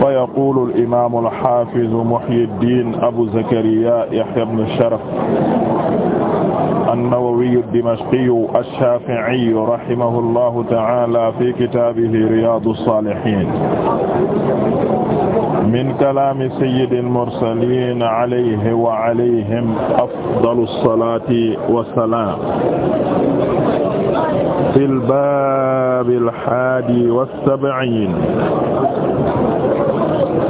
fa yaqulu al-imaam al-haafiz Muhyiddin Abu Zakariya Yahya ibn Sharaf an-Nawawi ad-Dimashqi ash-Shaafi'i rahimahullahu ta'ala fi kitaabihi Riyaadu as-Saalihiin min kalaami sayyidi al-mursaliin alayhi wa alayhim afdalu as-salaati wa salaam fi lbaabi alhaadi wassab'iin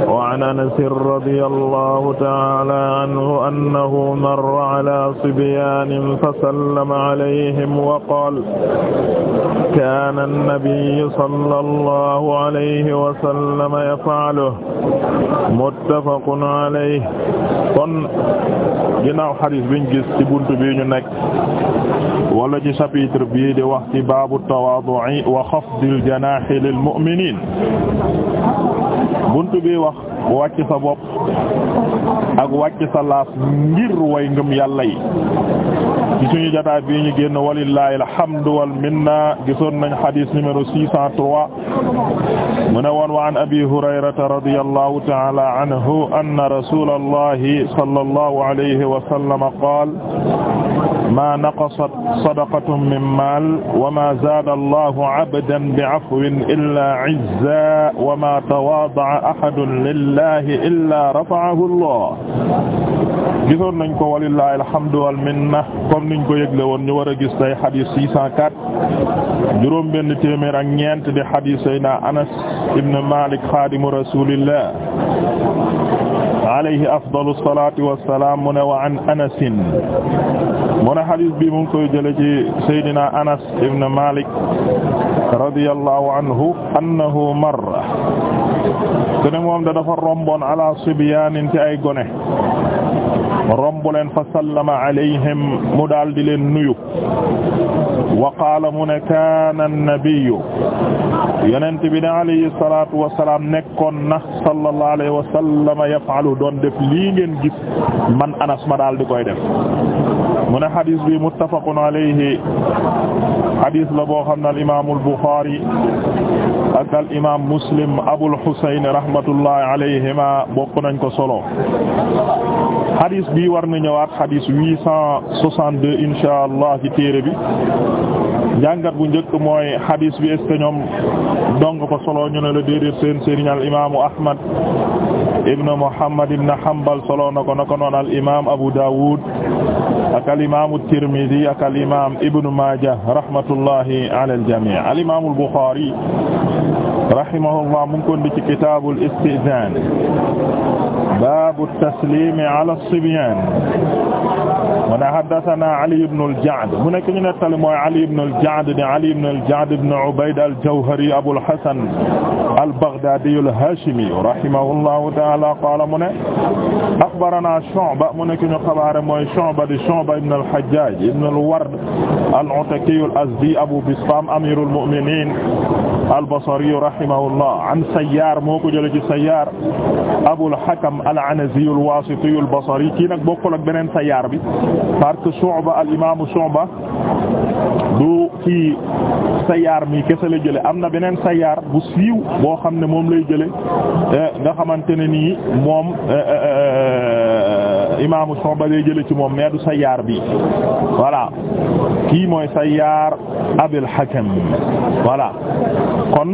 wa an anasin radiya allahu ta'aala anhu annahu marra alaa sibyaanin fasallama alayhim wa qaala kaana nabiyyu sallallahu alayhi wa sallam yaf'aluhu muttafaqun alayhi kon ginnaaw xadiis biñ gis ci buntu bi ñu nekk wala ci chapitre di wax ci baabu tawaadu'i wa xafdil janaahi lil mu'miniin bunt bi wax wàcc sa bopp laaf ngir way ngëm yàlla yi ci suñu jotaay bii ñu génn alhamdu wal minna gisoon nañ xadiis numéro six cent mu ne wa an abi hurayrata radiyallahu ta'ala anhu anna rasulallahi sallallahu alayhi wa sallam maa naqasat sadaqatun min maal wa maa zaada allahu abdan bi afwin illaa izzaa wa maa tawaada'a ahadun lillahi illaa rafa'ahu allah gisoon nañ ko walillahi alhamdu wal minna comme niñ ko yëgle woon ñu war a gis tey xadis 604 juróom benn téeméer ak ñeent di xadis Seydina Anas ibn Malik xaadimu rasulillah alayhi afdalu salaatu wa salaam mu ne wa an Anas mu ne xadis bi mu ngi koy jëlee ci Seydina Anas ibn Malik radiyallahu anhu annahu marra te ne moom da dafa romboon ala sibyaanin ci ay gone. romb leen fa sallama alayhim mu daal leen nuyu wa qaala mu ne kaana nabiyyu yonent bi ne alayhi salaatu wa salaam nekkoon na sallallahu alayhi wa sallam yaf'alu doon def lii ngeen man Anas ma daal di koy def mu ne xadis bi muttafaqun alayhi xadis la boo xam ne ak al muslim Abul Husayn rahmatullahi alayhima bokk nañ ko solo hadis bi war na ñëwaat hadis huit cent allah ci téere bi jàngat bu njëkk mooy hadis bi est dong ko solo ñu ne la déedéet seen sëriñ al Ahmad ibn Muhammad ibn Hanbal solo na ko na ko noon al Abu Dawud. ak al imaam at-Tirmidhi ak al imaam Ibn Maaja rahmatullahi ala al-jamii al imaam al-Bukhari rahimahullah mu ngi ko indi ci kitaabul istizaan baabu tasliimi ala as-sibyaan mu ne haddasanaa Ali ibn al-Ja'd mu nekk ñu nettali mooy Ali ibn al-Ja'd di Ali ibn al-Ja'd ibn Ubayd al-Jawhari Abul Hasan al-Baghdadi al-Hashimi rahimahullahu ta'ala qaala mu ne akhbaranaa Shu'ba mu nekk ñu xabaare mooy Shu'ba di Shu'ba ibn al-Hajjaj ibn al-Ward al-Ataki al-Azdi Abu Bistam amirul mu'minin al-Basri rahimahullah an Sayyaar moo ko jëlee ci Sayyaar Abul Hakam al-Anazi al-Wasiti al-Basri kii nag bokkul ak beneen Sayyaar bi parce que Shu'ba al-Imam Shu'ba du ci Sayyaar mi kese la jëlee am na beneen Sayyaar bu siiw boo xam ne moom lay jëlee eh, nga xamante ne nii moom. Eh, eh, imaamu Shu'ba day jële ci moom mais du bi voilà kii mooy Sayyaar abi Hakam voilà kon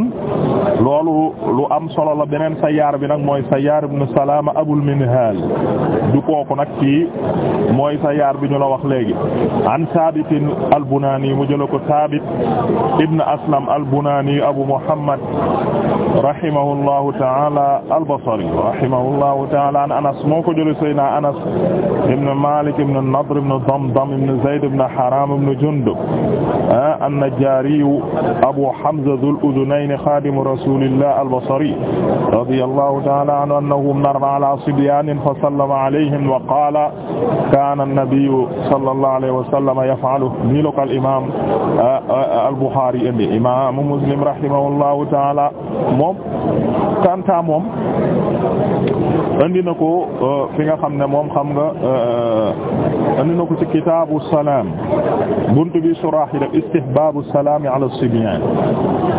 loolu lu am solo la beneen Sayyaar bi nag mooy Sayyaar ibn Salaama Abul Minhaal du kooku nag kii mooy Sayyaar bi ñu la wax léegi an Saabit al-Bunaani mu jële ko Saabit ibn Aslam al-Bunaani Abu Muhammad rahimahullahu taala al-Basri rahimahullahu taala an Anas moo ko jëlee Seydina Anas ibn Malik ibn Nadr ibn Damdam ibn Zayd ibn Haram ibn Jundub ah, an-Najjari Abu Hamza dhul udhunayn khadim rasulillah al-Basri radiyallahu taala anhu annahu marra ala sibyanin fa sallama alayhim wa qala kana an-nabiyyu sallallahu alayhi wa sallam yaf'alu ni la ko al-imam ah, ah, al-Bukhari indi imam Muslim rahimahullahu taala moom kanta moom andi na ko euh, fi nga xam ne moom xam nga euh, andi na ko ci kitaabu salaam buntu bi surah yi def istihbaabu salaami ala sibyan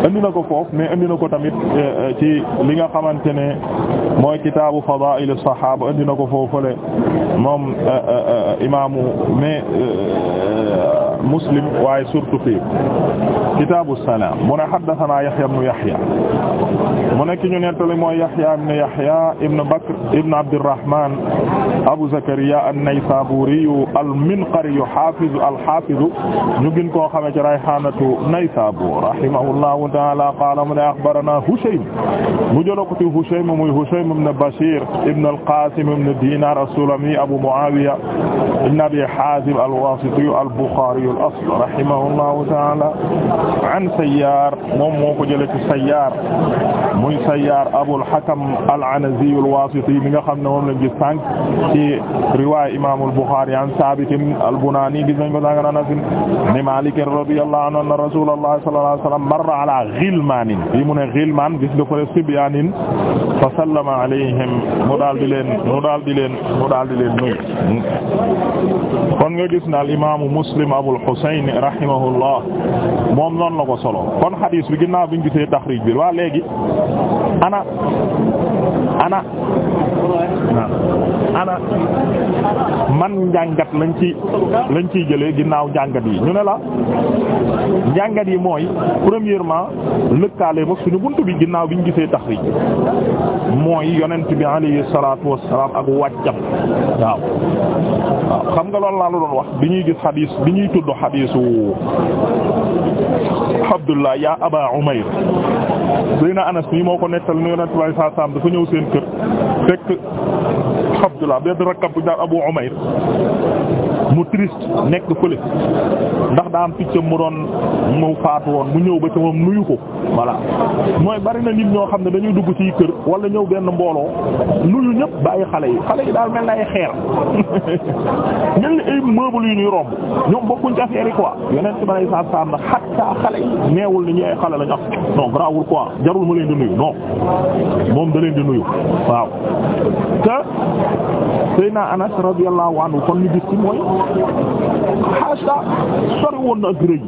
andi na ko foofu mais andi na ko tamit euh, ci li nga xamante ne mooy kitaabu fadaa'il as-sahaaba andi na ko foofule moom imaamu mais muslim waaye surtout fii kitaabu salaam mu ne haddasanaa Yahya ibn Yahya mu nekk ñu nettali mooy Yahya ibn Yahya ibn Bakr ibn Abdirrahman Abu Zakariya an-Naysaburi al-Minqari haafiz al-haafiz ñu gën koo xamee ci Rayhaanatu Naysabur rahimahullahu ta'aala qaala mu ne axbaranaa Hushaym mu jëloo ko ci Hushaym muy Hushaym ibn Bashir ibn al-Qaasim ibn Diinaar as-Sulami Abu Mu'aawiya ibn Abi Haazim al-Waasiti al-Bukhaari al-asl rahimahullahu ta'ala an Sayyaar moom moo ko jëlee ci Sayyaar muy Sayyaar Abul Hakam al-Anazi al-Wasiti mi nga xam ne moom lañ gis sànq ci riwaaya Imaam al-Bukhari an Saabit al-Bunaani gis nañ ko sànq an Anas ibn Maalik radiyallahu anhu anna Rasuulallahi sallallahu alayhi wa sallam marra alaa ghilmaanin bi mu ne ghilmaan gis nga ko sibyaanin fa sallama alayhim mu daal di leen mu daal di leen mu daal di leen nuyu kon nga gis na al-Imaam Muslim Abul al-Husayn rahimahullah moom noonu la ko solo kon xadiis bi ginnaaw bi ñu gisee taxriij bi waa léegi ana ana ana man njàngat lañ ci lañ ciy jëlee ginnaaw njàngat yi ñu ne la njàngat yi mooy premièrement lëkkaale mag suñu bunt bi ginnaaw bi ñu gisee tax ri mooy yonent bi alayhi salaatu wassalaam ak wàccam waaw waaw xam nga loolu laa la doon wax bi ñuy gis xadiis bi ñuy tudd xadiisu Abdullah ya Aba Umayr Seyna Anas mii moo ko nettal nu Yonent bi saa saam dafa ñëw seen kër fekk Abdullah benn rakab bu ñu naan Abu Umayr mu triste nekk fële ndax daa am mu doon mu faatu woon mu ñëw ba ci moom nuyu ko voilà mooy bari na nit ñoo xam ne dañuy dugg ci kër wala ñëw benn mbooloo nuyu ñëpp bàyyi xale yi xale yi daal mel na ay xeer mel ni ay meubles yu ñuy romb ñoom bokkuñ ci affaire yi quoi yeneen ci ma saab saab na xattaa xale yi neewul ni ñu ay xale lañu am non grawul quoi jarul ma leen di nuyu non moom da leen di nuyu waaw te Seyna Anas radiyallahu anhu kon ñu gis ci mooy xaasa sori woon na ak rëy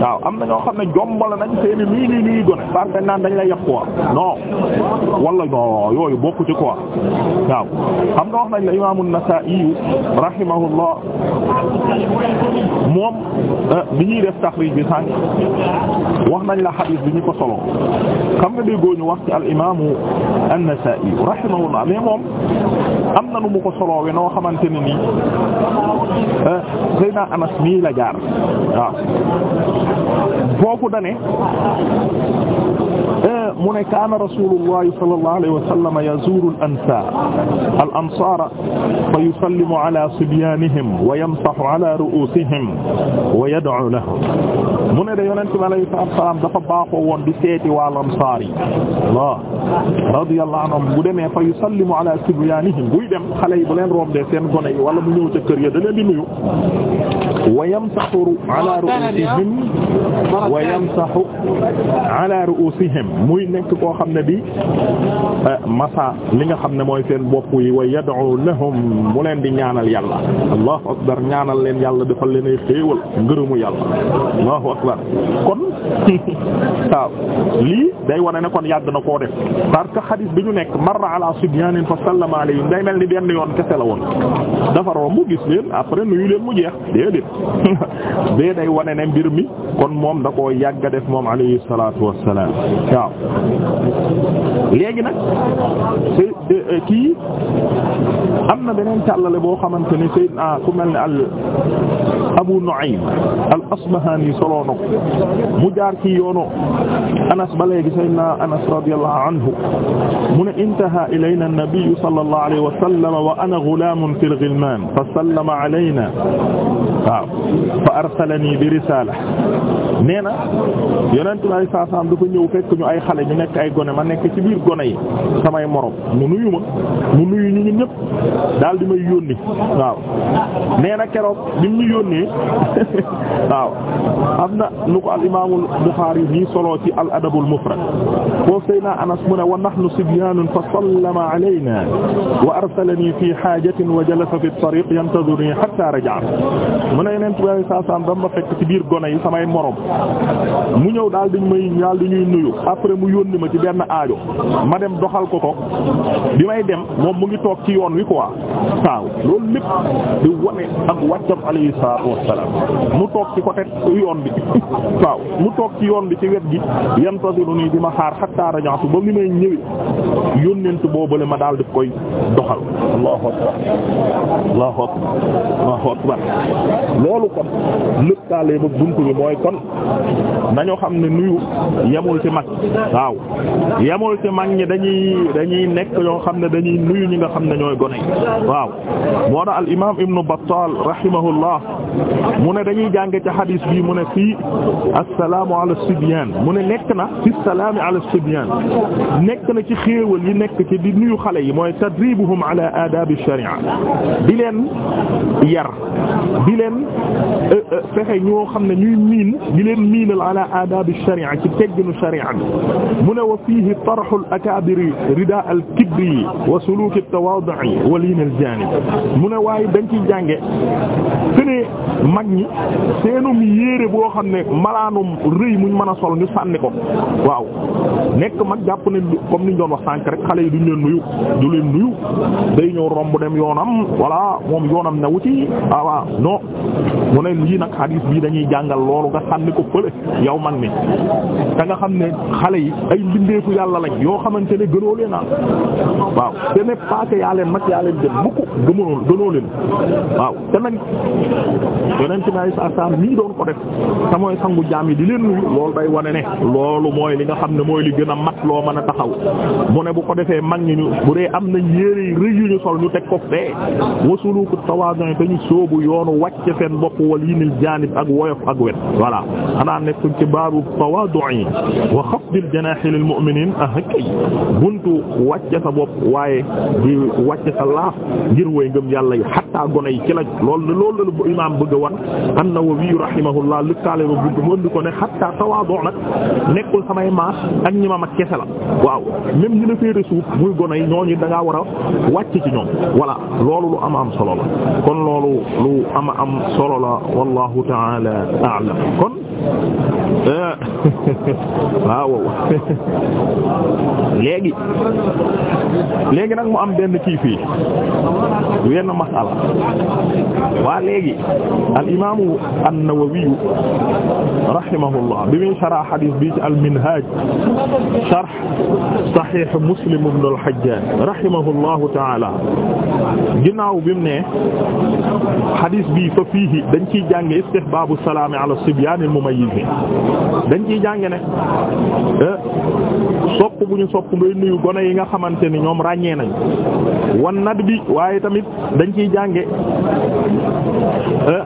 waaw am na ñoo xam ne jombal nañ seeni nii nii nii gone parce que naan dañ la yàq quoi non wala non yooyu bokku ci quoi waaw xam nga wax nañ la imaamu Nasaa'i rahimahullah moom euh, bi ñuy def taxriij bi sànq wax nañ la xadiis bi ñu ko solo xam nga déggoo ñu wax ci al imaamu an-Nasaa'i rahimahullah mais moom am na nu mu ko soloowe noo xamante ne nii eh, Seydina Anas mii la jaar waaw foofu dane eh, mu ne kaana rasulullahi sallallahu alayhi wa sallam yazuuru al ansar al ansara fa yusallimu ala sibyanihim wa yamsahu ala ru'usihim wa yad'u lahum mu ne de yonent bi alayhi salaatu wa salaam dafa baaxoo woon di seeti wal ansaar yi Allah radiyallahu anhum bu demee fa yusallimu ala sibyaanihim buy dem xale yi bu leen rombee seen gone yi wala mu ñëw ca kër ya da leen di nuyu wa yamsahu ala ru'uusihim wa yamsahu ala ru'uusihim muy nekk koo xam ne bi eh, masa li nga xam ne mooy seen bopp yi wa yad'u lahum mu leen di ñaanal yàlla allahu akbar ñaanal leen yàlla defal leen ay xéewal ngërëmu yàlla akbar kon waaw lii day wane na kon yàgg na ko def parce que xadis bi ñu nekk marra a sibyanin fa sallama alayhim day mel ni benn yoon kese la woon dafa romb gis leen day wane ne mbir mi kon moom da koo yàgg a def moom alayhi salaatu wassalaam waaw léegi nag euh, euh, kii am na beneen càllale boo xamante ni sayyidna ku mel ni al Abu Nu'aym al Asbahani solo jamono mu jaar ci yoonu anas ba léegi sayyidina anas radiyallahu anhu mu ne intaha ilayna an-nabiy sallallahu alayhi wa sallam wa ana ghulamun fil ghilman fa sallama alayna waaw fa arsalani bi risala nee na yonent bi saa saam dafa ñëw fekk ñu ay xale ñu nekk ay gone ma nekk ci biir gone yi samay morom mu nuyu ma mu nuyu ñu ñun ñëpp daal di may yónni waaw nee keroog bi mu ñu yónnee waaw am na nu ko al imaamul Buxaari nii solo ci al adabul mufrad foofu sayna Anas mu ne wa nahnu sibyaanun fa sallama alaynaa wa arsalanii fii haajatin wa jalasa fi tariiq yantazirunii hattaa rajaa mu ne yonent bi ba saam fekk ci biir gone yi samay morom mu ñëw daal di may daal di ñuy nuyu après mu yónni ma ci benn aajo ma dem doxal ko ko bi may dem moom mu ngi toog ci yoon wi quoi waaw loolu lépp di wane ak mu toog ci yoon bi waaw mu toog ci yoon bi ci wet gi yantasiru nii di ma xaar hatta raja'tu ba li may ma daal di koy doxal allahu akbar loolu kon lëp taalee ba buntu bi mooy kon nañu xam ne nuyu yemul ci mag waaw yemul ci mag ñi dañuy dañuy nekk ñoo xam ne dañuy nuyu ñi nga xam ne ñooy gone waaw moo tax al imaam ibnu Battal rahimahullah mu ne dañuy jàng ci xadiis bi mu ne fii assalaamu ala sibyan mu ne nekk na fi salaami ala sibyan nekk na ci xéewal yi nekk ci di nuyu xale yi mooy tadribuhum ala aadaabi sharia di leen yar di leen euh, euh, fexe ñoo xam ne ñuy miin leen miinal ala aadaabi sharia ci tegginu mu ne wa fiihi tarxu al akaabiri ridaa al wa suluuk al mu ne waaye dañ ci jànge kënee mag ñi seenum yéere boo xam ne malaanum rëy muñ mën a sol ñu sànni ko waaw nekk mag jàpp ne comme niñ doon wax sànk rek xale yi duñ leen nuyu du leen nuyu day ñëw romb dem yoonam voilà moom yoonam na wuti ah waaw mu ne lii nag xadiis bii dañuy jàngal loolu nga sànni ko ko fële yow man mi te nga xam ne xale yi ay mbindeefu yàlla lañ yoo xamante ne gënoo leen a waaw te ne paase yaa leen mag yaa leen dem mukk gëmoo gënoo leen waaw te nag yonent bi ay saa saa mii doon ko def te mooy sangu jaam yi di leen nuyu loolu day wane ne loolu mooy li nga xam ne mooy li gën a mat loo mën a taxaw mu ne bu ko defee mag ñu bu dee am nañ yére yi rëy yu ñu sol ñu teg ko fee wasuluku tawaadon te ñu sóobu yoonu wàcc seen bopp wal yinil jaanib ak woyof ak wet voilà xanaa nekkul ci baabu tawaadu'i wa xafdil janaahi lil mu'miniin ahakay buntu wàcce sa bopp waaye di wàcce sa laaf ngir way ngëm yàlla yi xataa gone yi ci la loolu loolu la bu imaam bëgg a wan an-Nawawi rahimahullah lëkkaale ba buntu moom di ko ne xataa tawaadu' nag nekkul samay maas ak ñi ma mag kese la waaw même ñi la féete suuf muy gone yi ñooñu da ngaa war a wàcc ci ñoom voilà loolu lu am am solo la kon loolu lu am am solo la wallahu ta'ala a'lam kon Eh. waaw léegi léegi nag mu am benn kii fii wenn masala waa léegi al imaamu an-Nawawi rahimahullah bi muy sarah xadiis bi ci al-Minhaaj sarh Saxiix Muslim ibn al-Hajjaaj rahimahullahu ta'aala ginnaaw bi mu ne xadiis bi fa fiihi dañ ciy jànge istihbaabu salaami ala sibyaan mutamayyiz dañ ciy jànge ne eh, sopp bu ñu sopp ngay nuyu gone yi nga xamante ni ñoom ràññee nañ wan nad bi waaye tamit dañ ciy jànge eh,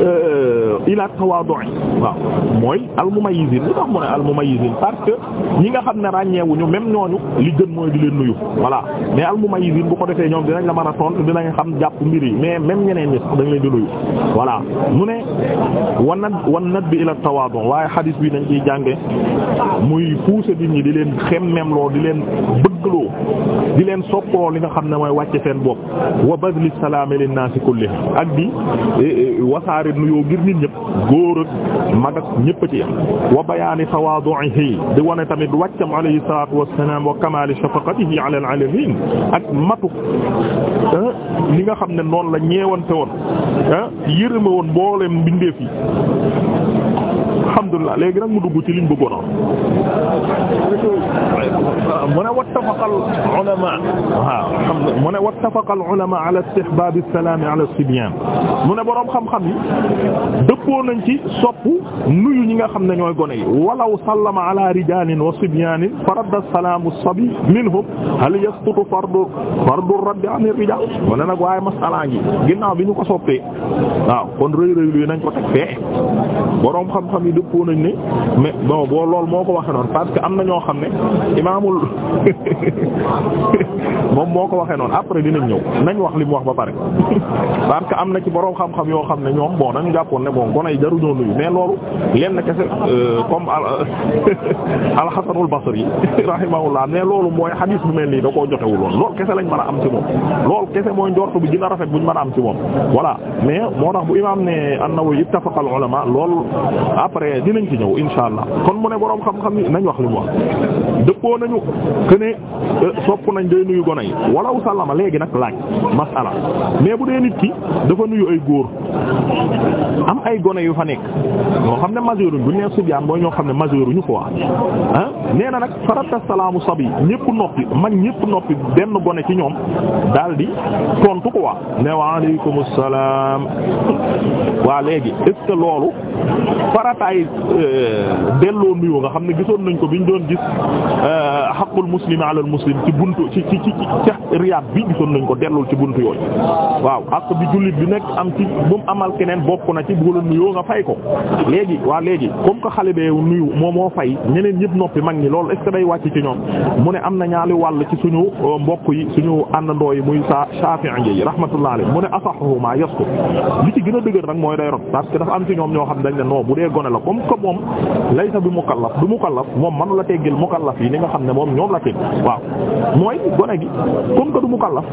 eh, ila tawaadu' waaw mooy almumayyiziin lu tax mu ne almumayyiziin parce que ñi nga xam ne ràññeewuñu même ñooñu li gën mooy di leen nuyu voilà mais almumayyiziin bu ko defee ñoom dinañ la mën a tontu dinañ xam jàpp mbir yi mais même ñeneen ñi sax dañ leen di nuyu voilà mu ne wan nat wan nat bi ila tawaadu' waaye xadiis wi nañ ciy jànge muy pousser nit ñi di leen xemmem loo di leen bëggloo di leen soppoo li nga xam ne mooy wàcce seen bopp wa badli salaami linnaasi kullihim ak eh, eh, ñëpp góor ak mag ak ñëpp a ci yam wa di wane tamit wàccam alayhi salaatu wassalaam wa kamaali shafaqatihi ala al-'alamin ak matu ah, li nga xam ne noon la ñeewante woon ah, yërëme woon mboolem mbindeef yi alhamdulillah léegi nag mu dugg ci liñ bu a mu ne wattafaqa al-ulama waaw alhamdulillah al-ulama ala istihbab as-salam xam-xam yi dëppoo nañ ci soppu nuyu ñi nga xam ne ñooy gone yi walaw sallama ala rijalin wa sibyaanin faradda salaamu sabi minhum hal yasqutu fardu fardu rabbi an rijal wala nag waaye masalaa ngi ginnaaw bi ñu ko soppee waaw kon rëy rëy luy nañ ko teg fee boroom xam-xam yi dëppoo nañ ne mais bon lool moo ko waxee noonu parce que am na ñoo xam ne imaamul moom moo ko waxe noon après dinañ ñëw nañ wax li mu wax ba pare parce que am na ci boroom xam-xam yoo xam ne ñoom bon dañu jàppoon gone yi jaruñoo nuyu mais loolu na kese euh, comme euh, al-Hasanul Basri rahimahullah mais loolu mooy xadiis bu mel nii da koo jotewul woon loolu kese lañ mën a am ci moom loolu kese mooy njort bi gën a rafet buñ mën a am ci moom voilà mais moo tax bu imaam ne an-Nawawi ittafaqa al-ulama loolu après dinañ ci ñëw insha allah kon mu ne boroom xam-xam ni nañ wax li mu wax nañu que ne euh, sopp nañ day nuyu gone yi walaw sallama léegi nag laaj masala mais bu dee nit ki dafa nuyu ay góor gone yu fa nekk ñoo xam ne majeur bu ñu nee subyaan mooy ñoo xam ne majeur ñu quoi ah nee na nag farata salaamu sabi ñëpp noppi mag ñëpp noppi benn gone ci ñoom daal di tontu quoi ne waaleykum salaam waa léegi est-ce que loolu farataay euh, delloo nuyoo nga xam ne gisoon nañ ko bi biñ doon gis xaqul euh, muslimi alal muslim ci buntu ci ci ci ci riyaad bi gisoon nañ ko dellul ci buntu yooyu waaw ak bi jullit bi nekk am ci bu amal keneen bokk na ci bu la nuyoo nga fay ko léegi waa léegi comme que xale bee nuyu moom moo fay ñeneen ñëpp noppi mag ñi loolu est ce day wàcc ci ñoom mu ne am na ñaari wàll ci suñu euh, mbokk yi suñu àndandoo yi muy sa Shafi'i yi rahmatullah alayhi mu ne asahuhuma yasku li ci gën mooy day parce que dafa am ci ñoom ñoo xam dañ ne non bu dee la comme que moom laysa bi mukallaf du moom manu la teggil mukallaf yi ni nga xam ne moom ñoom la tegg waaw mooy gone gi comme que du mukallaf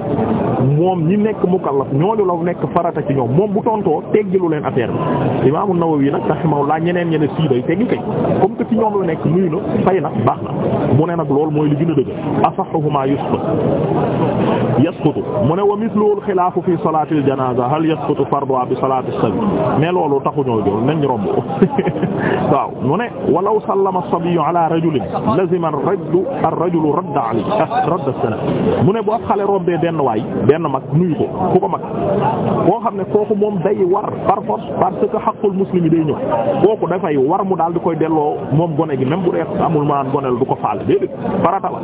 moom ñi nekk mukallaf ñooñu la nekk farata ci ñoom moom bu tontoo teggilu leen affaire bi Imaamu Nawawi nag rahimahullah ñeneen ñeneen sii day teggi kay comme que ci ñoom la nekk nuyu na fay na baax na mu ne nag loolu mooy li gën a dëgg asahuhuma yusqut yasqutu mu ne wa mithlu xilaafu fi salaatil janaaza hal yasqutu farduha bi salaati sabi mais loolu taxuñoo jool nañ romb waaw mu ne walaw sallama as-sabiyyu ala rajulin lazima ar-rajulu ar-rajulu radda alayhi ah radda as-salam mu ne bu ab xale rombee benn waay benn mag nuyu ko ku ko mag koo xam ne kooku moom day war par force parce que que xaqul muslim yi day ñëw kooku dafay war mu daal di koy delloo moom gone gi même bu dee amul maan gonel du ko faale déedéet farata la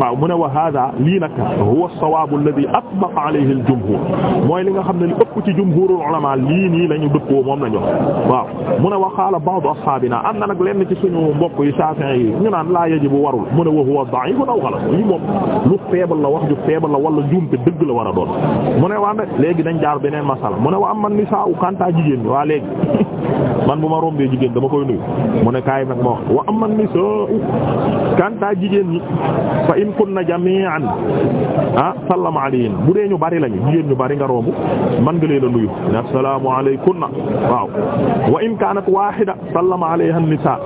waaw mu ne wa hada lii nag huwa as-sawaab alladhi atbaqa alayhi al-jumhur mooy li nga xam ne li ëpp ci jumhurul ulama lii nii la ñu dëppoo moom la ñu waaw mu ne wa qaala ba'd ashaabina am na nag lenn ci suñu mbokk yi Shafi'i yi ñu naan laa yajibu warul mu ne wa huwa da'if aw ghalat lii moom lu faible la wax ju faible la wala a doon mu ne waa léegi dañ jaar beneen masala mu ne wa amma nisaa'u kanta jigéen man bu ma rombee jigéen dama koy nuyu mu ne kaay nag ma wax wa amman nisaa kanta jigéen ñi fa in kunna jami'an ah sallama alayhin bu dee ñu bari lañu jigéen ñu bari nga romb man nga leen a nuyu ne assalaamu alaykunna waaw wa in kaanat waahida sallama alayha nisaa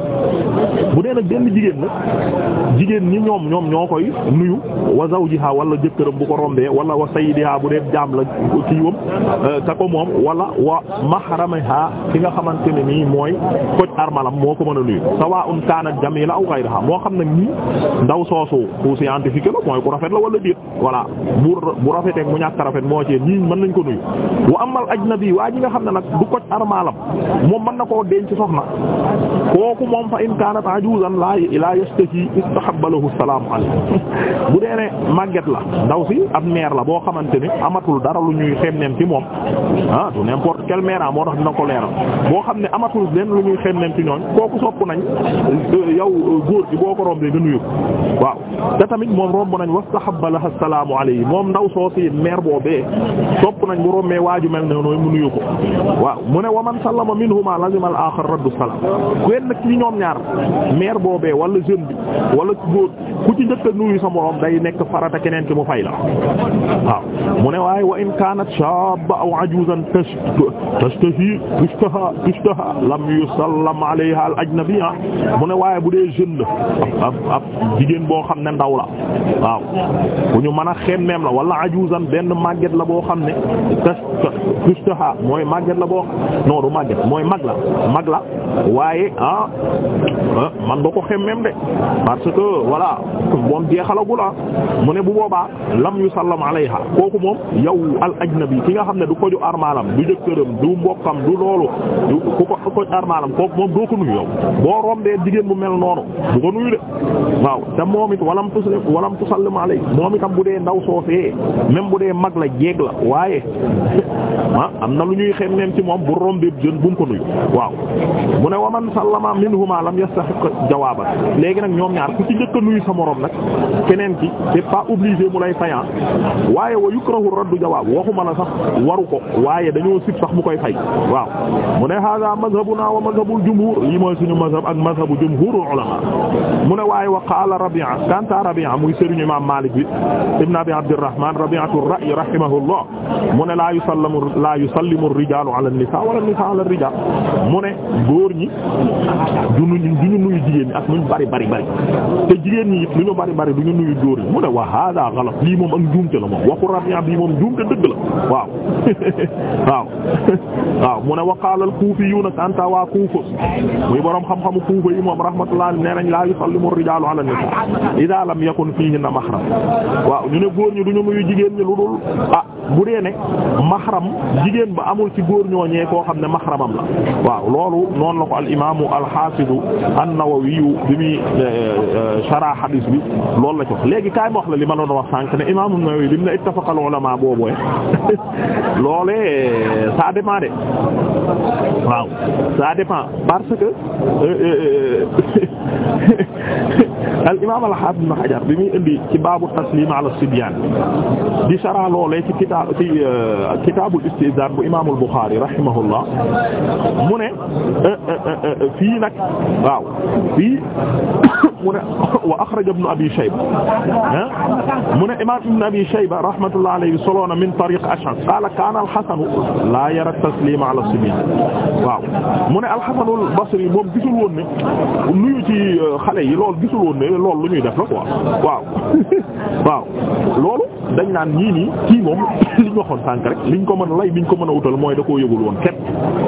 bu dee nag benn jigéen la jigéen ñi ñoom ñoom ñoo koy nuyu wa zawjiha wala jëkkëram bu ko rombee wala wa sayyidiha bu dee jaam la kiiwam eh, ka ko moom wala wa mahramiha ki nga xamante ne nii mooy koj armalam moo ko mën a nuyu sawaa'un kaanat jamila aw ghayraha moo xam nag nii ndaw soosu ku scientifique la mooy ku rafet la wala déet voilà bu bu rafeteeg mu ñàkk rafet moo ci nii mën nañ ko nuyu wa amal ajnabi waa ji nga xam ne nag du koj armalam moom mën na koo denc soxna kooku moom fa in kaanat ajuzan la la yastahi istahabba lahu salaamu alayhi bu dee ne màgget la ndaw si ab mère la boo xamante ni amatul dara lu ñuy xem kanam boo xam ne amatul benn lu ñuy xemmeem ci ñooñ kooku sopp nañ euh, yow euh, góor gi boo ko rombee nga nuyu ko waaw te tamit moom romb nañ wa wastahabba laha salaamu alayhi moom ndaw soo si meer boobee sopp nañ bu rombee waaju mel ne nooy mu nuyu ko waaw mu ne waman sallama minhuma lazima al axar raddu salaam kenn nag ci ñoom ñaar meer boobee wala jeune bi wala góor ku ci njëkk a nuyu sa moroom day nekk farata keneen ki mu fay la waaw mu ne waaye wa in kaanat shaaba tushtaha tushtaha lam yusallam alayha al ajnabiyya ah. mu ne waaye bu dee jeune la ab ab jigéen boo xam ne ndaw la waaw bu ñu mën a xemmeem la wala ajuzan benn màgget la boo xam ne tushtaha mooy màgget la boo non du màgget mooy mag la mag la waaye ah, ah man nga ko xemmeem de parce que voilà moom jeexalagu la ah. mu ne bu boobaa lam yusallam alayha kooku moom yow al ajnabi ki nga xam ne du ko ju du jëkkëram du mbokkam du loolu loolu ku ko ku ko armaalam ko moom doo ko nuyu yow boo rombee jigéen bu mel noonu bu ko nuyu de waaw te moom it walam tus walam moom itam bu dee ndaw soosee même bu dee mag la jeeg la waaye ah am na lu ñuy xem neen ci moom bu rombee jeune bu mu ko nuyu waaw mu ne waman sallama minhuma lam yastahiq jawaaban léegi nag ñoom ñaar ku ci njëkk a nuyu sa moroom nag keneen ki c'est pas obligé mu lay fayan waaye wa yukrahu raddu jawaab waxuma la sax waru ko waaye dañoo mu koy fay mu ne hada mazhabuna wa mazhabul jumhur yi mooy suñu mazhab ak mazhabu jumhur ulama mu ne waaye wa qaala rabia kanta rabia muy sëriñu imam malik bi ibn abi abdirahman rabiatu ar-ra'y rahimahullah mu ne la yusallamu la yusallimu ar-rijalu ala an-nisa wala an-nisa ala ar-rijal mu ne góor ñi duñu duñu nuyu jigéen ñi ak ñu bari bari bari te jigéen ñi it lu ñu bari bari duñu nuyu góor ñi mu ne wa hada galat lii moom ak juumte la moom waxu rabia bi moom juumte dëgg la waaw waaw waaw wa qaala al-kuufiyuuna kanta waa yi moom rahmatullah nee nañ laa yusallimu ar-rijaalu ala an-nisaa lu dul ah, bu dee ne mahram jigéen amul ci góor ñooñee koo xam ne mahramam la waaw loolu noonu la ko al imaamu al-haafidu an-Nawawi bi muy eh, eh, sharh hadith la ci wax léegi la li ma doon wax sànq ne imaamu an-Nawawi lim na al-ulamaa booboo eh, loolee ça dépend waaw ça dépend parce que euh, euh, euh, al imaam al haafid ibn Hajar bi muy indi ci baabu taslim ala sibyaan di sara loolee ci kitaab ci kitaabul istizaan bu imaamul Buxaari rahimahullah mu ne fii nag waaw fii mu ne wa axraja ibnu abi shayba ah mu ne imaam ibnu abi shayba rahmatullahi alayhi soloona min tariq ash'as qaala kaana alxasanu laa yara tasliima ala sibyan waaw mu ne alxasanul basri moom gisul woon ne nuyu ci euh, xale yi loolu gisul woon ne loolu lu ñuy def la quoi waaw waaw loolu dañ naan ñii nii kii moom liñ waxoon sànk rek liñ ko mën a lay biñ ko mën a utal mooy da koo yëgul woon ket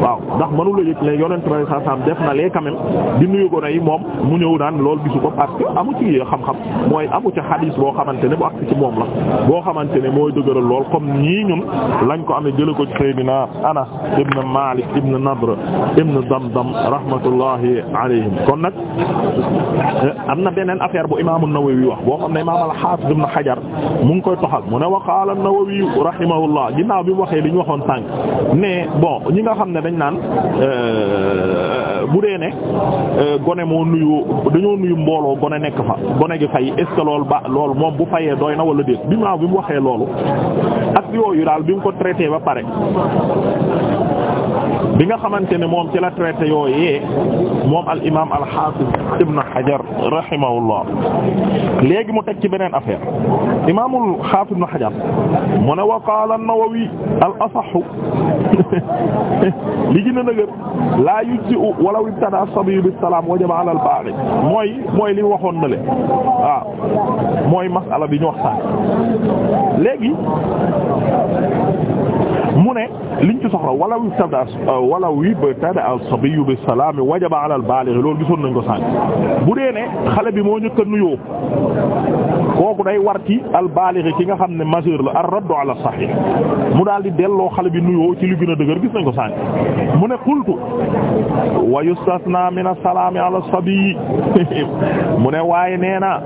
waaw ndax mënula yëg ne yonent bi saa saam def na lee quand même di nuyu ko yi moom mu ñëw daan lool gisu ko parce que amu ci xam-xam mooy amu ci xadiis boo xamante ne bu ak ci moom la boo xamante ne mooy dëgëral lool comme ñii ñun lañ ko amee jële ko ci Seydina Anas ibn Malik ibn Nadr ibn Damdam rahmatullahi alayhim kon nag eh, am na beneen affaire bu imaamu Nawawi wax boo xam ne imaam al-Hafiz ibn Hajar mu ngi koy tox waxal mu ne na an-Nawawi rahimahullah ginnaaw bi mu waxee li ñu waxoon tànk mais bon ñi nga xam ne dañ naan euh, bu dee ne euh, gone moo nuyu dañoo nuyu mbooloo gone nekk fa gone gi fay est ce que loolu ba loolu moom bu fayee doy na wala déet ginnaaw bi mu waxee loolu ak yooyu daal bi mu ko traité ba pare bi nga xamante ne moom ci la traité yooyee moom al imaam ibn hajar rahimahullah léegi mu teg ci beneen affaire imaamul hafiz ibn hajar mu ne wa qaala an-nawawi al asahhu li gën a dëgër laa yujzi'u walaw ibtada as-sabi bis salaam wajaba al baligh mooy li waxoon na le waaw mooy masala bi ñu wax sànq mu ne liñ ci soxla walaw tada walaw ibtada as-sabiyyu bis-salaam wajaba ala al-baaligh loolu gisoon nañ ko sànq bu dee xale bi moo njëkk a nuyoo kooku day war al ki nga xam ne majeur la ar mu daal delloo xale bi nuyoo ci li gën a dëgër ko sànq mu ne qultu wa yustasna min ne waaye nee na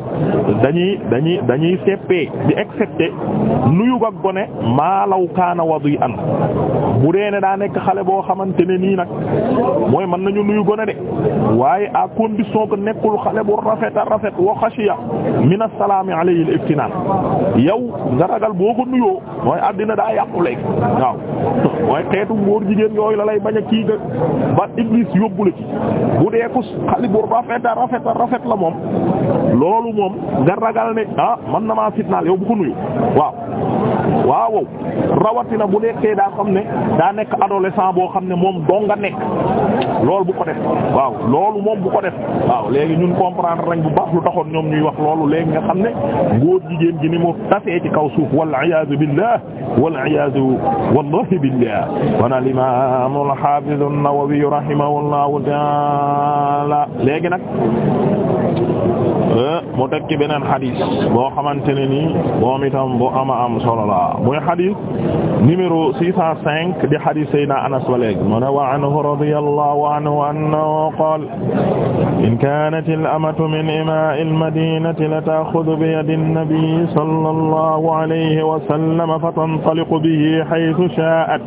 dañuy dañuy dañuy seppee di excepté nuyu ak gone maa law kaana wadi'an bu dee ne daa nekk xale boo xamante ne nii nag mooy mën nañu nuyu gone de waaye a condition que nekkul xale bu rafet a rafet wa xashiya min assalaami alayhi al-iftinaan yow nga ragal boo ko nuyoo mooy àddina daa yàqu léegi waaw mooy xeetu góor jigéen yooyu la lay bañ a kii nga ba Iblis yóbbu la ci bu dee ko xale bu rafet a rafet a rafet la moom loolu moom nga ragal ne ah man na maa fitnaal yow bu ko nuyu waaw waaw rawatina bu nekkee daa xam ne daa nekk adolescent boo xam ne moom dong nga nekk bu ko def waaw loolu moom bu ko def waaw léegi ñun comprendre nañ bu baax lu taxoon ñoom ñuy wax loolu léegi nga xam ne góor jigéen gi ni mu tasee ci kaw suuf wal iyaazu billah wal iyaazu wallahi billah wana al imam al hafiz an-Nawawi rahimahullahu ta'ala léegi nag euh, mu tekki beneen xadis boo xamante ne nii moom itam bu ama am solo la muy xadis numéro 605 di xadis Seydina Anas ba léegi mu ne wa anhu radiyallahu anhu annahu qaal in kaanat al-amatu min imaa'i al-madiinati lata'xudu biyadi an-nabiyyi sallallahu alayhi wa sallam fatantaliqu bihi haythu shaa'at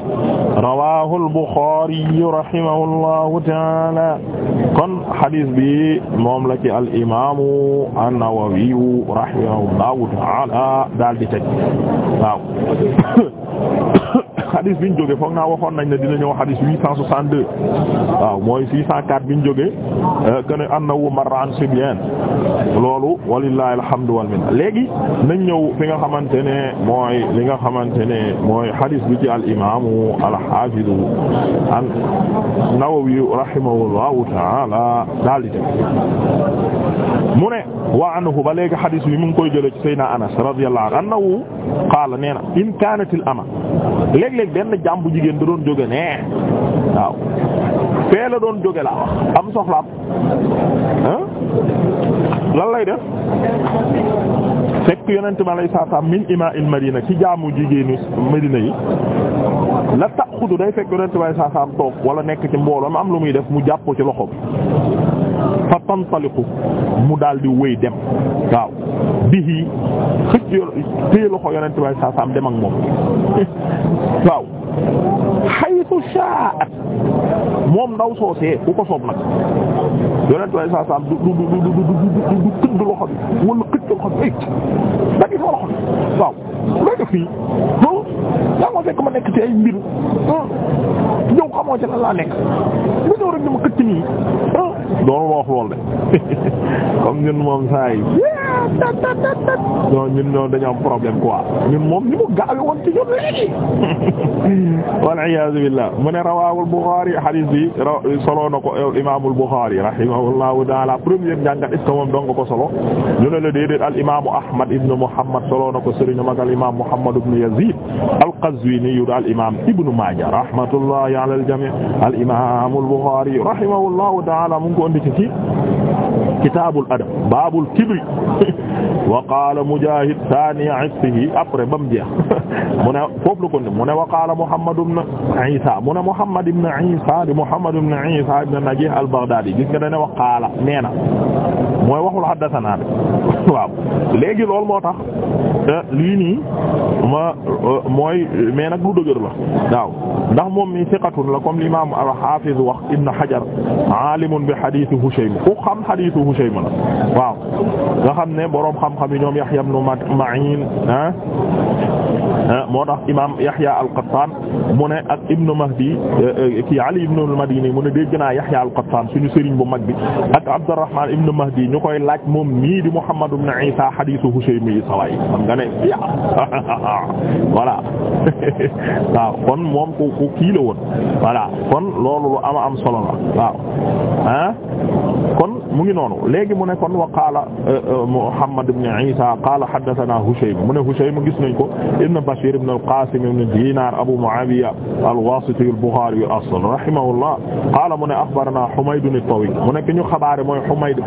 rawaahu al-Buxaari rahimahullahu ta'aala kon xadis bi moom la ci al-imaamu an-Nawawi rahimahullahu ta'aala daal di teg waaw xadis bi ñu jógee foog naa waxoon nañ ne dina ñëw xadis 862 waaw mooy 604 bi ñu jógee que ne annahu marra an sibyan loolu walillahi alhamdu wal minna léegi nañ ñëw fi nga xamante ne mooy li nga xamante ne mooy xadis bi ci al imaamu al haafiz an nawawi taala daal mu ne wa anhu ba léegi xadis bi mu ngi koy jëlee ci Seydina Anas radiyallahu anhu annahu anna nee na in kaanatil ama léegi léeg benn jàmbu jigéen da doon jóge nee waaw fee la doon jóge laa wax am soxlaam ah lan lay def fekk yonent ma lay saasaam min ima il madina ci jaamu jigéenu madina yi la taxudu day fekk yonent ma saasaam toog wala nekk ci mbooloo am lu muy def mu jàpp ci loxo bi fa tantaliku mu daal di wéy dem waaw bihi xëcc yo téye loxo yonent bi saa saam moom waaw haythu sha'at moom ndaw soosee bu ko soob nag yonent bi saa du du du du du du loxo bi wala xëcc loxo bi ay waaw looy def fii non yaa ma fekk ma nekk ci ay mbir ñëw xamoo ci lan laa nekk bu ñëw rek dama xëcc nii ah doon wax lool de comme ñun moom saa yi. non ñun ñoo dañu am problème quoi ñun moom ni mu gaawe woon ci ñun léegi wal iyaazu billah mu ne rawaahul Buxaari hadis bi solo na ko imaamul Buxaari rahimahullahu ta'ala première njàngat est-ce que moom dong ko solo ñu ne la déedéet al imaamu Ahmad ibn Muhammad solo na ko sëriñ mag al imaam Muhammad ibn Yazid al-Qazwini yu al imaam Ibn Maaja rahmatullahi ala al-jamii al imaamul Buxaari rahimahullahu ta'ala mu ngi ko indi ci kitaabul adab baabul kibri wa qaala Mujaahid thani isfihi après ba mu jeex mu ne foofu la ko mu ne wa qaala Muhammad ibn Isa mu ne Muhammad ibn Isa di Muhammad ibn Isa ibn Najih al-Baghdadi gis nga ne wa qaala nee na mooy waxul haddathana waaw léegi loolu moo tax lii nii ma euh, mooy mais nag lu dëgër la waaw ndax moom mi siqatun la comme l'imam al-Hafiz wax Ibn Hajar alimun bi hadith Hushaym ku xam hadith Hushaym la waaw nga xam ne boroom xam-xam yi ñoom Yahya ibn Ma'in ah, Eh, moo tax imaam Yahya al-Qattan mu ne ak Ibn Mahdi eh, eh, kii Ali ibn al mu ne dégg naa Yahya al-Qattan suñu sëriñ bu mag bi ak Abdurrahman ibn Mahdi ñu koy laaj moom mii di Muhammad ibn Isa hadiisu Husaym yi saway xam nga ne ya voilà waaw kon moom ku ku kii la woon voilà kon loolu lu ama am solo la waaw ah kon mu ngi noonu léegi mu ne kon wa qaala Muhammad ibn Isa qaala haddathana Husaym mu ne Husaym gis nañ ko ibn Bashar Bashir ibn al-Qasim ibn Dinar Abu Mu'awiya al-Wasiti al-Bukhari al-asl rahimahullah qala mu ne akhbarana Humayd at-Tawil mu nekk ñu xabaare mooy Humayd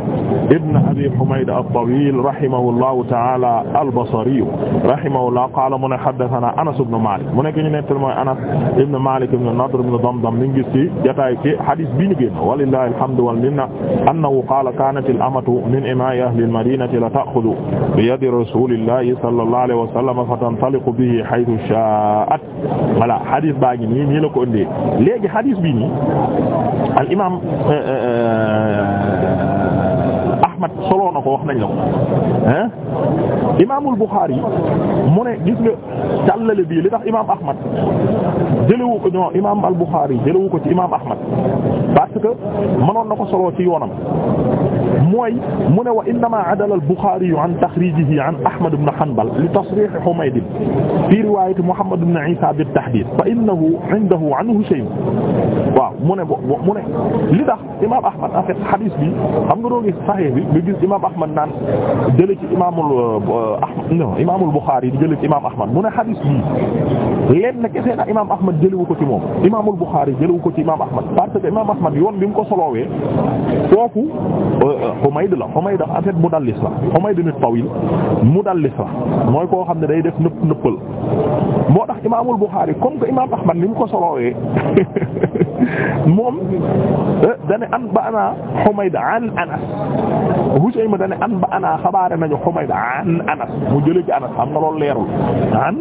ibn Abi Humayd at-Tawil rahimahullahu ta'ala al-Basri rahimahullah qala mu ne haddathana Anas ibn Malik mu nekk ñu nettal mooy Anas ibn Malik ibn Nadr ibn Damdam mi ngi gis ci jotaay ci hadith bi ñu génn walillahi alhamdu wal minna annahu qala kanat al-amatu min ima'i ahli al-madinati la ta'khudhu bi yadi rasulillahi sallallahu alayhi wa sallam fa tantaliqu bihi haythu sha'at voilà hadith baa ngi nii nii la ko ëndee léegi hadith bi nii al imam euh, euh, euh, Ahmad solo na ko wax nañ la ko ah imaamul mu ne gis nga tallale bii li tax imaam Ahmad jëlewu ko non imaam al Bukhari jëlewu ko ci imaam Ahmad parce que mënoon na ko solo ci yoonam. mooy mu ne wa innama adala al-Bukhari an taxrijihi an Ahmad ibn Hanbal li tasrih Humayd fi riwayat Muhammad ibn Isa bit-tahdid fa innahu indahu anhu shay waaw mu ne mu ne li tax imaam Ahmad en fait hadis bi xam nga doo gis Sahih bi nga gis imaam Ahmad naan jëlee ci imaamul euh, Ahmad non imaamul Bukhari di jëlee ci imaam Ahmad mu ne hadis bi lenn kese na imaam Ahmad jëlewu ko ci moom imaamul Bukhari jëlewu ko ci imaam Ahmad parce que imaam Ahmad yoon bi mu ko solowee foofu euh, may Humayd la Humayd en fait mudallis la Humayd nit tawil mudallis la mooy koo xam ne day def nëpp nëppal moo tax imaamul Buxaari comme que imaam Ahmad ni mu ko solowee moom eh, dane an ba ana Humayd an Anas Husayma dane an ba ana xabaare nañu Humayd an Anas mu jëlee ci Anas xam nga loolu leerul an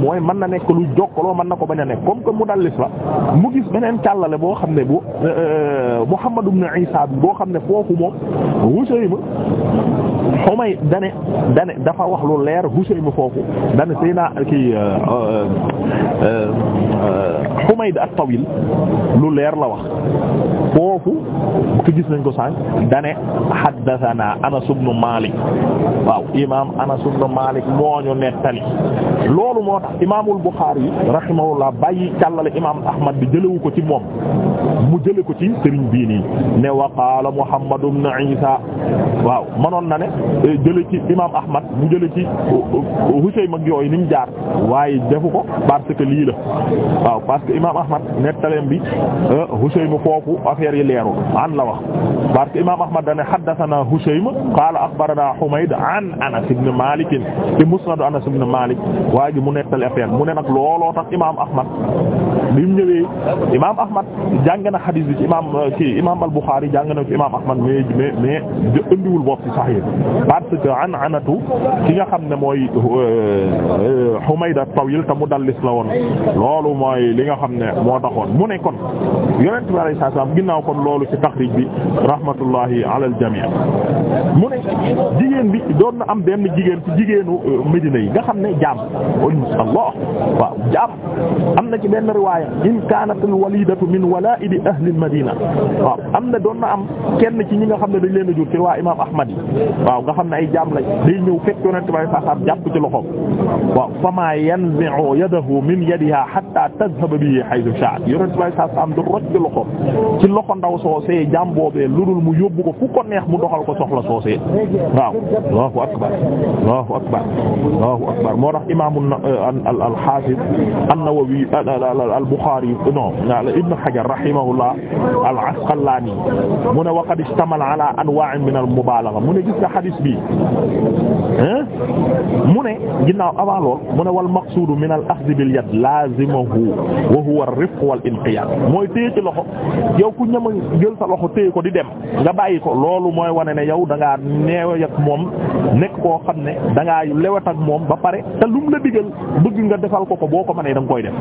mooy mën na nekk lu jokkaloo mën na ko bañ a nekk comme que mudallis la mu gis beneen càllale boo xam ne bu eh, eh, Muhammad na Isa bi boo xam ne foofu moom Husayma xumay dane dane dafa wax lu leer Husaym foofu dane sëy naa kii euh, euh, euh, Humayd at-Tawil lu leer la wax foofu te gis nañ ko sànq dane haddathana Anas ibn Malik waaw imam Anas ibn Malik moo ñu nettali loolu moo tax imaamul Bukhari rahimahullah bàyyi càllale imam Ahmad bi jëlewu ko ci moom mu jële ko ci sëriñ bii nii ne wa qaala Muhammad ibn Isa waaw manoon na ne Eh, jële ci imam ahmad mu jële ci uh, uh, Husaym ak yooyu jaar waaye defu ko parce que lii la waaw parce que imam ahmad nettaleem bi eh, Husaym foofu affaire yi leerul an la wax parce que imam ahmad dane haddathana Husaym qala akhbarana Humayd an anas ibn Malik te musnad anas ibn Malik waa ji mu nettali affaire mu ne nag looloo tax ahmad bi mu ñëwee imaam Ahmad jàng na xadiis bi ci imaam ci imaam al-Bukhari jàng na ci imaam Ahmad mais mais mais indiwul bopp ci Sahih parce que an anatu ki nga xam ne mooy euh, Humayd at-Tawil te mudallis la woon loolu mooy li nga xam ne moo taxoon mu ne kon yonent bi alayhi salaam ginnaaw kon loolu ci taxriij bi rahmatullahi ala al-jamii mu ne jigéen bi doon na am benn jigéen ci jigéenu euh, Medina yi nga xam ne jaam Allah waaw jaam am na ci benn riwaaya aaya in kaanat al walidatu min walaidi ahli al madina waaw am na doon na am kenn ci ñi nga xam ne dañ leen a jur ci waa imam ahmad yi waaw nga xam ne ay jaam lañ day ñëw fekk yonent bay saasaam jàpp ci loxoom waaw fama yanzi'u yadahu min yadiha hatta tadhhaba bihi haythu sha'a yonent bay saasaam du rocc loxoom ci loxo ndaw soosee jaam boobee lu dul mu yóbbu ko fu ko neex mu doxal ko soxla soosee waaw allahu akbar allahu akbar allahu akbar moo tax imam al al al hafiz an-Nawawi al-Bukhari non Ibn Hajar rahimahullah al-Asqalani mu ne waqad ishtamala ala min al-mubaalagha mu ne gis nga xadis bi mu ne ginnaaw avant lool mu ne wal maqsuudu min al-axdi bil-yad laazimahu wa huwa ar-rifq wal-inqiyaad mooy téye ci loxo yow ku ñama jël sa loxo téye ko di dem nga bàyyi ko loolu mooy wane ne yow da ngaa neew ak moom nekk koo xam ne da ngaa lewet ak moom ba pare te lum la digal bëgg nga defal ko ko boo ko mënee da koy def.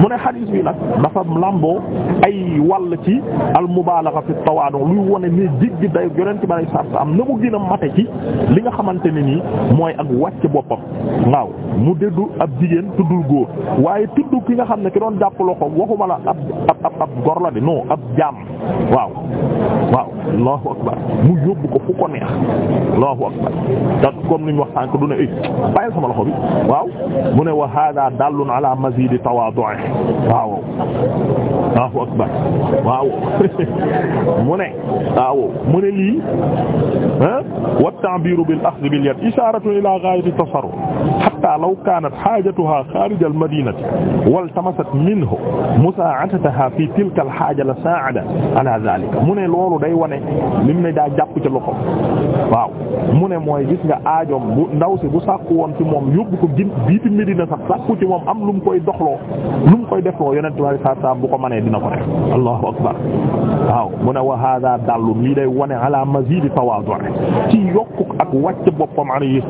mu ne xadiis bi nag dafa lamboo ay wàll ci al mubaalaga fi tawaadu luy wone ne jiggi day yonent ba lay saab sa am na mu gën a mate ci li nga xamante ne nii mooy ak wàcc boppam waaw mu dëddu ab jigéen tuddul góor waaye tudd ki nga xam ne ki doon jàpp loxo waxuma la ab ab ab gor la de non ab jaam waaw waaw allahu akbar mu yóbbu ko fu ko neex allahu akbar te comme ni ñu wax sànk du ne it eh, bàyyil sama loxo bi waaw mu ne wa hada dallun ala mazidi tawadu'i waaw allahu akbar waaw mu ne waaw mu ne lii ah, wa ta'biru bil axdi bil yad isharatu ila ghayati tasarruf hatta law kanat hajatuha kharij al madinati waltamasat minhu musa'adataha fi tilka al haja la sa'ada ala dhalika mu ne loolu day wane lim ne daa jàpp ci loxo waaw mu ne mooy gis nga aajoom bu ndaw si bu sàkku woon ci moom yóbbu ko gin biiti Medina sax sàkku ci moom am lu mu koy doxloo lu mu koy defloo yonent bi saa saa bu ko manee dina ko def allahu akbar waaw mu ne wa hada dallum li day wane ala mazid tawaadu ci yokku ak wàcc boppam alayhi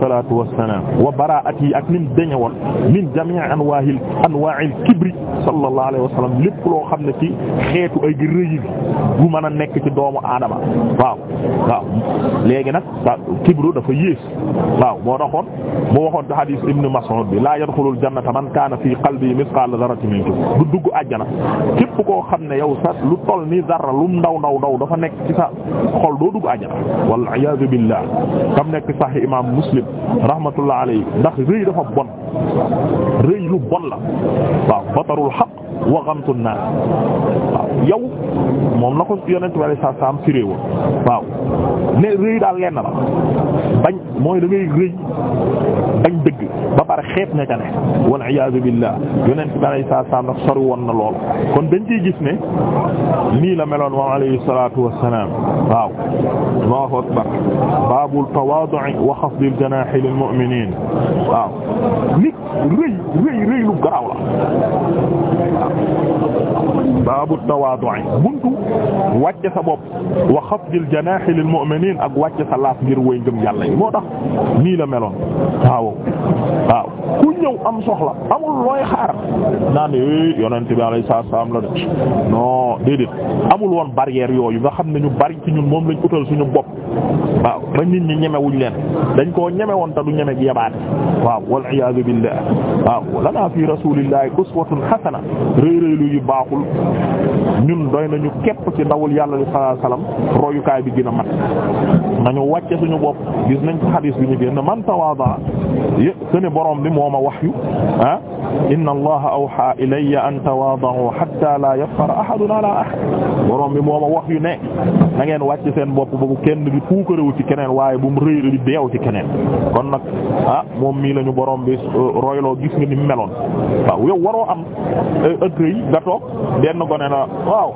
wa bara'ati ak nim deñe woon min jami' anwaa'il anwaa'il kibri sallallahu alayhi wa sallam lépp loo xam ne ci xeetu ay gi rëy mën a nekk ci doomu aadama waaw waaw léegi nag kibru dafa yées waaw moo taxoon mu waxoon te hadith ibn Mas'ud bi la yadxulul jannata man kaana fii qalbi misqaala dharratin min kibr du dugg àjjana képp koo xam ne yow sa lu toll ni dara lu ndaw ndaw ndaw dafa nekk ci sa xol doo dugg àjjana wal iyaadu billah kam nekk sahih imam Muslim rahmatullah alayhi ndax rëy dafa bon rëy lu bon la waaw batarul wa xamtu naar waaw yow moom la ko yonent bi saa saam firé woon waaw ne rëy daal lenn la mooy da ngay rëy bañ ba pare xeet na ca ne wal iyaazu billaah yonent bi saa woon na lool kon dañ ciy gis ne nii la meloon moom alayhi akbar baabul tawaadu wa xafdil janaahi lil mu'miniin bu rëy tawaadu' buntu wàcce sa bopp wa xafdil janaahi lil mu'miniin ak wàcce sa laaf ngir wéy ngëm yàlla yi moo tax nii la meloon waaw waaw ku ñëw am soxla amul looy xaar naan yonent bi alayhi salaam la de non déedéet amul woon barrière yooyu nga xam ne ñu bari ci ñun moom lañ utal suñu bopp waaw ba nit ñi ñemewuñ leen dañ koo ñeme woon te du ñeme yebaate waaw wal iyaadu billaah waaw lanaa fi rasuulillaahi uswatun hasana réy yu baaxul ñun doy nañu képp ci ndawul yàlla la sallallahu alayhi wasallam royukaay bi gën a mat nañu wàcce suñu bopp gis nañ ko xadiis bi ñu génn man tawaada yë borom bi moo ma waxyu ah inna allaha awha ilayya an tawaada'u hatta la yafkhara ahadun ala ahad borom bi moo ma waxyu ne na ngeen wàcc seen bopp ba bu kenn di puukarewu ci keneen waaye bu mu rëy di beew ci keneen kon nag ah moom mii lañu borom bi uh, royloo gis nga ni meloon waaw yow waroo am uh, ëtt yi nga toog gone la waaw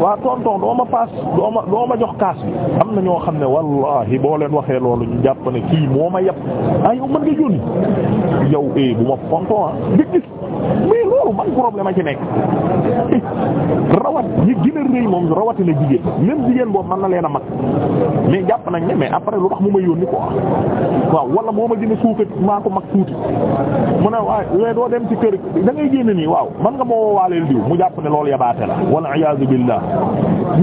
waa tonton doo ma paas doo ma doo ma jox kaas am na ñoo xam ne wallahi boo leen waxee loolu ñu jàpp ne kii moo ma yàpp ah yow mën nga jónni yow eh bu ma tonton ah nga gis mais loolu man problème ci nekk eh, rawat yi gën a rëy moom rawatina jigéen même jigéen boo man a leen a mag mais jàpp nañ ne mais après lu tax mu ma yónni ko waaw wala moo ma gën a suufat maa ko mag tuuti mu ne doo dem ci kër da ngay génn nii waaw man nga moo waaleel diw mu jàpp ne loolu xol yabaate la wal iyaadu billah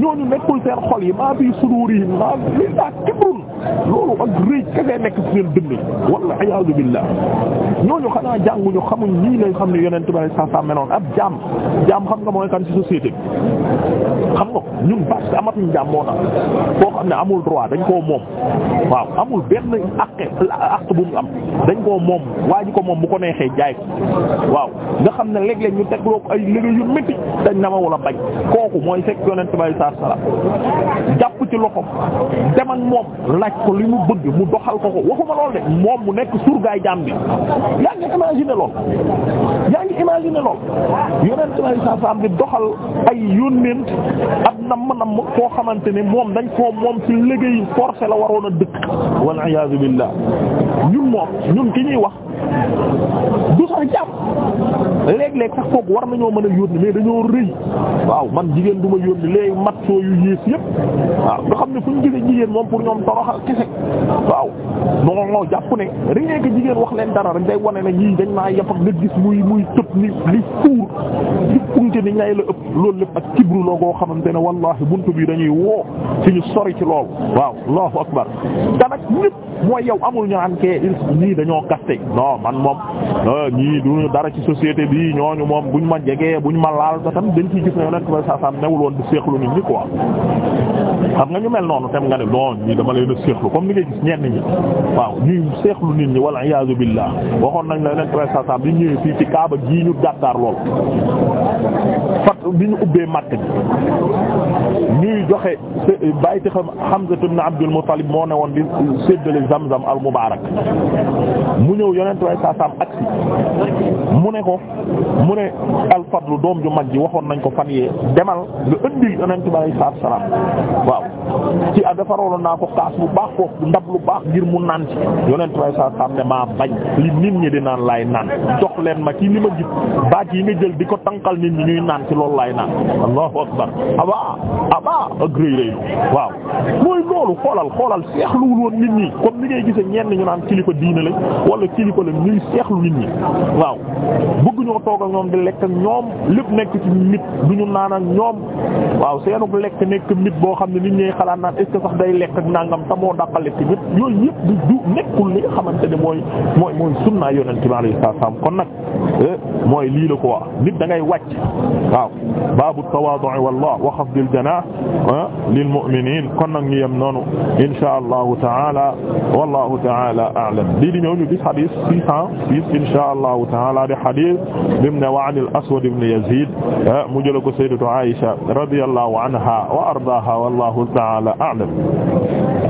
ñooñu nekkul seen xol yi maa fi suduurihim maa fi la kibrun loolu ak rëy kafee nekk ci seen dënd wala ayaadu billah ñooñu xanaa jànguñu xamuñ nii lañ xam ne yonent bi saa saa meloon ab jaam jaam xam nga mooy kan ci société bi xam nga ñun parce que amatuñ jaam xam ne amul droit dañ koo moom waaw amul benn àq àq bu am dañ koo moom waa ji ko moom bu ko neexee jaay waaw nga xam ne léeg-léeg ñu tegloo ko ay liggéey dañ na ma wala bañ kooku mooy fekk yonent bi saa saa jàpp ci loxoom dem moom laaj ko li mu bëgg mu doxal ko ko waxuma lool de moom mu nekk surgaay jaam bi yaa ngi imaginer lool yaa ngi imaginer lool yonent bi saa saa bi doxal ay yónnent ab na namm koo xamante ne moom dañ ko moom ci liggéey forcé la waroon a dëkk wal iyaazu billaah ñun moom ñun ki ñuy wax du sax jàpp léeg-léeg sax kooku war nañoo mën a yónni mais dañoo rëy waaw man jigéen du ma yónni léegi mat soo yu yées yëpp waaw nga xam ne fu ñu gisee jigéen moom pour ñoom toroxa kese waaw non non jàpp ne dañ nekk jigéen wax leen dara rek day wane ne ñii dañ maa yàpp ak nga gis muy muy tëb li li kuur li punte ni ñay la ëpp loolu lépp ak kibru la goo xamante ne wallahi buntu bi dañuy woo ci ñu sori ci loolu waaw allahu akbar te nag ñëpp mooy yow amul ñu naan kee ñii dañoo kaste non man moom ñii duñu dara ci société bi ñooñu moom buñ ma jegee buñ ma laal te tam dañ ciy gis ne yonent ba sa sam newul woon di seexlu nit ñi quoi xam nga ñu mel noonu tam nga ne non ñii dama leen a seexlu comme ni ngay gis ñi waaw ñuy ñu gàttaar lool fat bi ñu ubbee màkk bi ñuy joxe bàyyiti xam Hamza ibn Abdul Muttalib moo ne woon di séddale Zamzam al Mubarak mu ñëw yonent way saa saam mu ne ko mu ne al Fadlu doom ju mag ji waxoon nañ ko fan yee demal nga ëndi yonent bi alayhi salaatu salaam waaw ci a defaroon naa ko kaas bu baax foofu ndab lu baax ngir mu naan ci yonent way saa ne maa bañ li nit ñi di naan laay naan jox ma ci li ma baat yi nga jël di ko tànqal nit ñi ñuy naan ci loolu laay naan allahu akbar aba aba ak rëy rëy waaw mooy loolu xoolal xoolal seexlu woon nit ñi comme ni ngay gisee ñenn ñu naan kilifa diine lañ wala kilifa lañ ñuy seexlu nit ñi waaw bëgg ñoo toog ak ñoom di lekk ak ñoom lépp nekk ci mit du ñu naan ak ñoom waaw seenuk lekk nekk mit boo xam ne nit ñi xalaat naan est sax day lekk ak nangam ta moo dàqa lekk mit yooyu yëpp du nekkul li nga xamante ne mooy mooy mooy sunna yonent bi alayhi salaam kon nag eh, mooy lii la ko wax nit da ngay wàcc waaw baabu tawaadu' wallah wa xafdil janaah ah, lil mu'miniin kon nag ñu yem noonu inshaa allahu taala wallahu taala a'lam lii di ñëw ñu gis xadis six cent six inshaa allahu taala di xadis bim ne wa an al aswad ibn yazid ah, mu jëla ko sayyidatu aisha radiyallahu anha wa ardaaha wallahu taala a'lam